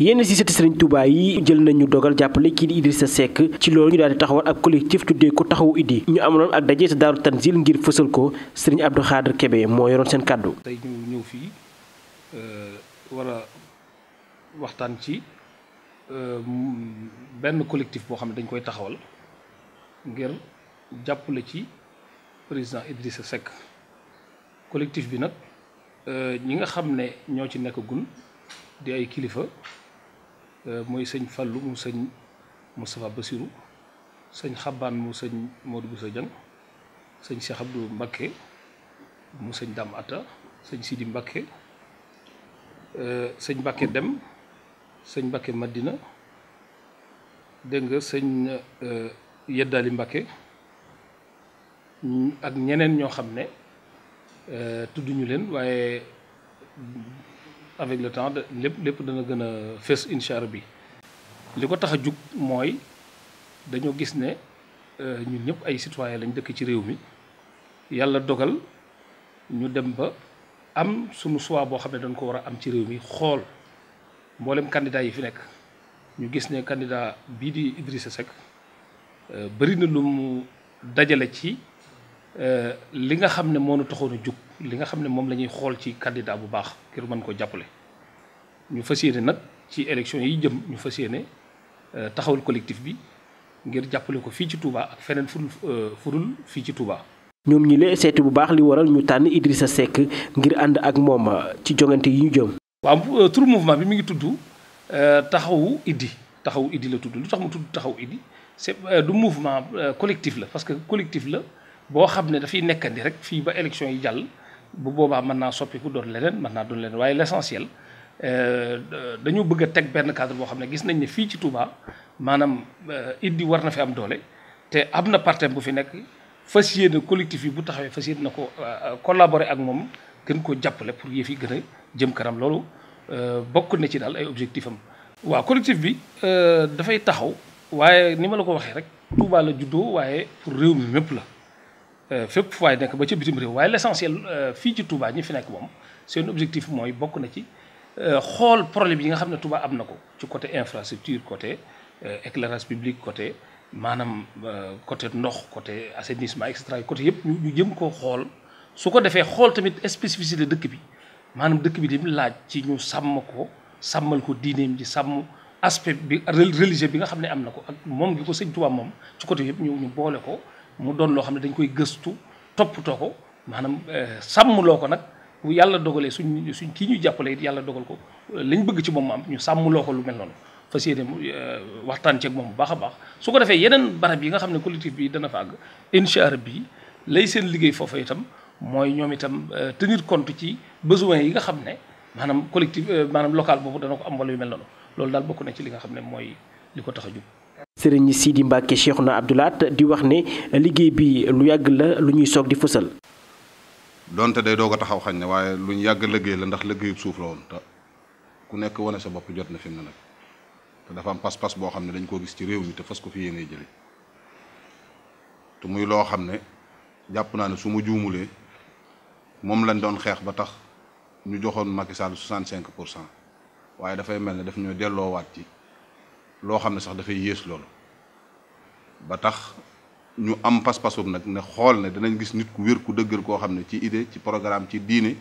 yenn si sëti Serigne Touba yi jël nañu dogal jàppale kii di Idrissa Seck ci loolu ñu daal di taxawal ab collectif tuddee ko taxawu Idi ñu amaloon ak daje sa daaru Tanzil ngir fësal ko Serigne Abdou Khader Kébé moo yoroon seen kàddu. tey ñu ñëw fii euh, war ci euh, benn collectif boo xam ne dañ koy taxawal ngir jàppale ci président Idrissa Seck collectif bi nag euh, ñi nga xam ne ñoo ci nekk gun di ay kilifa Euh, mooy sëñ Fallu mu sëñ Moustapha Bassirou sëñ xaban mu sëñ Modou Boussa Dieng sëñ Cheikh Abdou Mbakke mu sëñ Dame Atta sëñ Sidi Mbakke euh, sëñ Mbakke Dem sëñ Mbakke Madina dégg nga sëñ euh, Yeddaali Mbakke ak ñeneen ñoo xam ne tudd ñu leen waaye avec le temps lépp lépp dana gën a fës incha bi li ko tax a jug mooy dañoo gis ne euh, ñun ñëpp ay citoyen lañ dëkk ci réew mi yàlla dogal ñu dem ba am sunu choix boo xam ne dañ ko war a am ci réew mi xool mboolem candidat yi fi nekk ñu gis ne candidat bii di Idrissa Seck euh, bëri na lu mu dajale ci euh, li nga xam ne moo nu taxoon a jug li nga xam ne moom la ñuy xool ci candidat bu baax ngir man ko jàppale ñu fas yéene nag ci élection yi jëm ñu fas yéene euh, taxawal collectif bi ngir jàppale ko fii ci Touba ak feneen fudul euh, fudul fii ci Touba. ñoom ñi lee seeti bu baax li waral ñu tànn sa Seck ngir ànd ak moom euh, ci jongante yi ñu jëm. waa turu mouvement bi mi ngi tudd taxawu Iddi taxawu Iddi la tudd lu tax mu tudd taxawu Iddi c'est du mouvement collectif la parce que collectif la boo xam ne dafay nekkandi fii ba élection yi jàll. bu boobaa mën naa soppi doon leneen mën naa doon leneen waaye l'essentiel euh, dañu bëgg a teg benn cadre boo xam ne gis nañ ne fii ci Touba maanaam euh, iddi war na fi am doole te am na partenaire bu fi nekk fas yéene collectif bu taxawee fas yéene na ko euh, collaborer ak moom gën koo jàppale pour yëf yi gën a jëm kanam loolu bokk na ci daal ay objectif am. waaw collectif bi dafay taxaw waaye ni ma la ko waxee rek Touba la juddoo waaye pour réew mi mépp la. Euh, fépp fu waay nekk ba ci bitim réew waaye l'essentiel euh, fii ci Touba ñi fi nekk moom seen objectif mooy bokk na ci euh, xool problème yi nga xam ne Touba am na ko ci côté infrastructure côté éclairage publique côté maanaam côté ndox côté assainissement et cetera côté yëpp ñu jëm koo xool su ko defee xool tamit spécificité dëkk bi maanaam dëkk bi di laaj ci ñu sàmm ko sàmmal ko diineem ji sàmm aspect bi religieux bi nga xam ne am na ko ak moom gi ko sëñ Touba moom côté yëpp ñu ñu boole ko mu doon loo xam ne dañ koy gëstu toppatoo ko maanaam eh, sàmm loo ko nag yàlla dogalee suñ suñ kii ñu jàppale it yàlla dogal ko eh, lañ bëgg ci moom mu am ñu sàmm loo ko lu mel noonu fas yéene eh, waxtaan ceeg moom bu baax a baax su ko defee yeneen barab yi nga xam ne collectif bi dana fa àgg incha allah bi lay seen liggéey foofa itam mooy ñoom itam tenir compte ci besoin yi nga xam ne maanaam collectif maanaam local boobu dana ko am wala yu mel noonu loolu daal bokk na ci li nga xam ne mooy li ko a jub sëriñ Sidi Mbacke Cheikhouna Abdou Lahat di wax ne liggéey bi lu yàgg la lu ñuy soog di fësal. donte day doo ko taxaw xañ ne waaye lu ñu yàgg liggéey la ndax liggéeyub suuf la woon te ku nekk wane sa bopp jot na fi mu ne nag te dafa am pas-pas boo xam ne dañ koo gis ci réew mi te fas ko fi yéenee jëlee te muy loo xam ne jàpp naa ne su ma juumulee moom lañ doon xeex ba tax ñu joxoon Macky Sall 65 pour cent waaye dafay mel ne daf ñoo delloowaat ci. loo xam ne sax dafay yées loolu ba tax ñu am pas-pasum nag ne xool ne danañ gis nit ku wér ku dëggal koo xam ne ci idée ci programme ci diine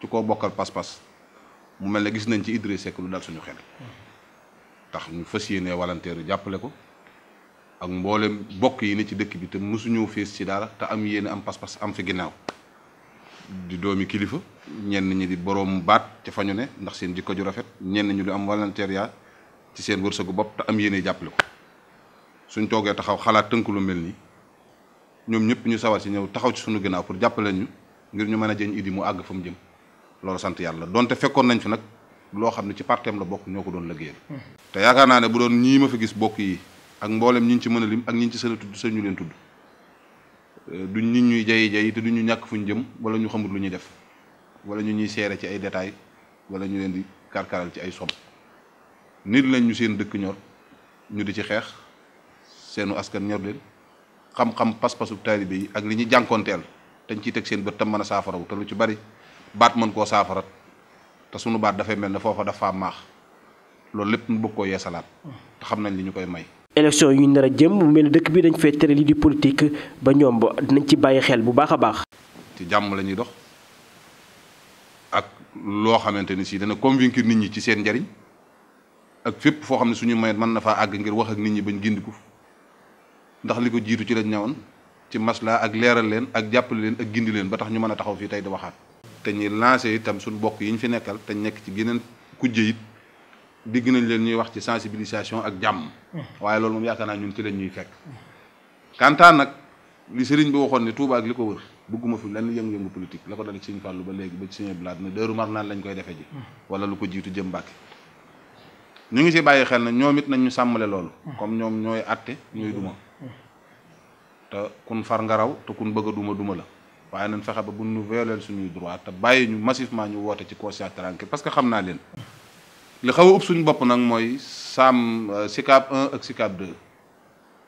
ci koo bokkal pas-pas mu mel ne gis nañ ci Idriss Seck lu dal suñu xel tax ñu fas yéene walanteeru jàppale ko ak mboolem bokk yi ne ci dëkk bi te mosuñoo fees ci dara te am yéene am pas-pas am fi ginnaaw di doomi kilifa ñenn ñi di boroom baat ca fañu ne ndax seen jikko ju rafet ñenn ñu di am walanteer yaa ci seen wërsëgu bopp te am yéene jàppale ko suñ toogee taxaw xalaat tënk lu mel nii ñoom ñëpp ñu sawar si ñëw taxaw ci suñu ginnaaw pour jàppale ñu ngir ñu mën a jëñ Idy mu àgg fa mu jëm loolu sant yàlla donte fekkoon nañ fi nag loo xam ne ci parteem la bokk ñoo ko doon liggéeyal hmm. te yaakaar naa ne bu doon ñii ma fa gis bokk yi ak mboolem ñi ñu mën a lim ak ñi ñu ci sën a tudd sën ñu leen tudd euh, duñ nit ñuy jayi jayi te ñu ñàkk fu ñu jëm wala ñu xamul lu ñuy def wala ñu ñuy seere ci ay détails wala ñu leen di karkaral ci ay somm nit lañ ñu seen dëkk ñor ñu di ci xeex seenu askan ñor leen xam-xam pas-pasu taalibe yi ak li ñu jànkoonteel dañ ciy teg seen bët tam mën a saafara wu te lu ci bari baat mën koo saafara te sunu baat dafay mel ne foofa dafa maax loolu lépp mu bëgg koo yeesalaat te xam nañ li ñu koy may. élection yu nar a jëm mu mel dëkk bi dañ fee tere lii di politique ba ñoom ba dinañ ci bàyyi xel bu baax a baax. ci jàmm lañuy dox ak loo xamante ni si dana convaincre nit ñi ci seen njariñ. ak fépp foo xam ne suñu mayet mën na faa àgg ngir wax ak nit ñi bañ gindiku ndax li ko jiitu ci lañ ñëwoon ci maslaa ak leeral leen ak jàppale leen ak gindi leen ba tax ñu mën a taxaw fii tey di waxaat te ñuy lancé itam suñu bokk yi ñu fi nekkal te nekk ci geneen kujje it digg nañ leen ñuy wax ci sensibilisation ak jàmm waaye loolu moom yaakaar naa ñun ci lañ ñuy fekk kantaan nag li sëriñ bi waxoon ne Touba ak li ko wër bëgguma fi lenn yëngu-yëngu politique la ko dal ci Sëriñ Fàllu ba léegi ba ci Sëriñ Blaat ne Daaru Marnaan lañ koy defe ñu ngi ci bàyyi xel na ñoom it nañ ñu sàmmale loolu comme ñoom ñooy àtte ñooy duma te kun far nga raw te kun bëgg duma duma la waaye nañ fexe ba bu ñu violer suñuy droit te bàyyi ñu massivement ñu woote ci conscience tranquille parce que xam naa leen li xaw a ëpp suñu bopp nag mooy saam euh, SICAP 1 ak SICAP 2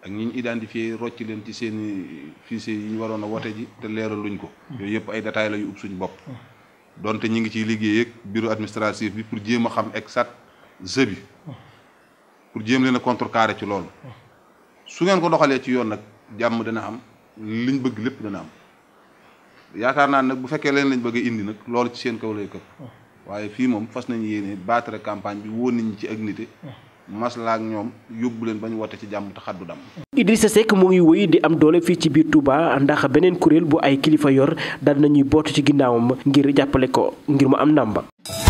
ak ñi ñu rocci leen ci seeni i fichier yi ñu waroon a woote ji te leeraluñ ko yooyu yëpp ay détails la yu ëpp suñu bopp mm. donte ñu ngi ciy liggéey ak bureau administratif bi pour jéem a xam exact jeu bi pour jéem leen a contrecarrer ci loolu su ngeen ko doxalee ci yoon nag jàmm dina am liñ bëgg lépp dina am yaakaar naa nag bu fekkee leen lañ bëgg indi nag loolu ci seen kaw lay këpp waaye fii moom fas nañ yéene battre campagne bi wóor nañu ci ak nite ñoom yóbbu leen ba ñu woote ci jàmm te xaddu dam Idrissa Seck mu ngi wéy di am doole fii ci biir tubaa ndax beneen kuréel bu ay kilifa yor dal nañuy boot ci ginnaawam ngir jàppale ko ngir mu am ndàmba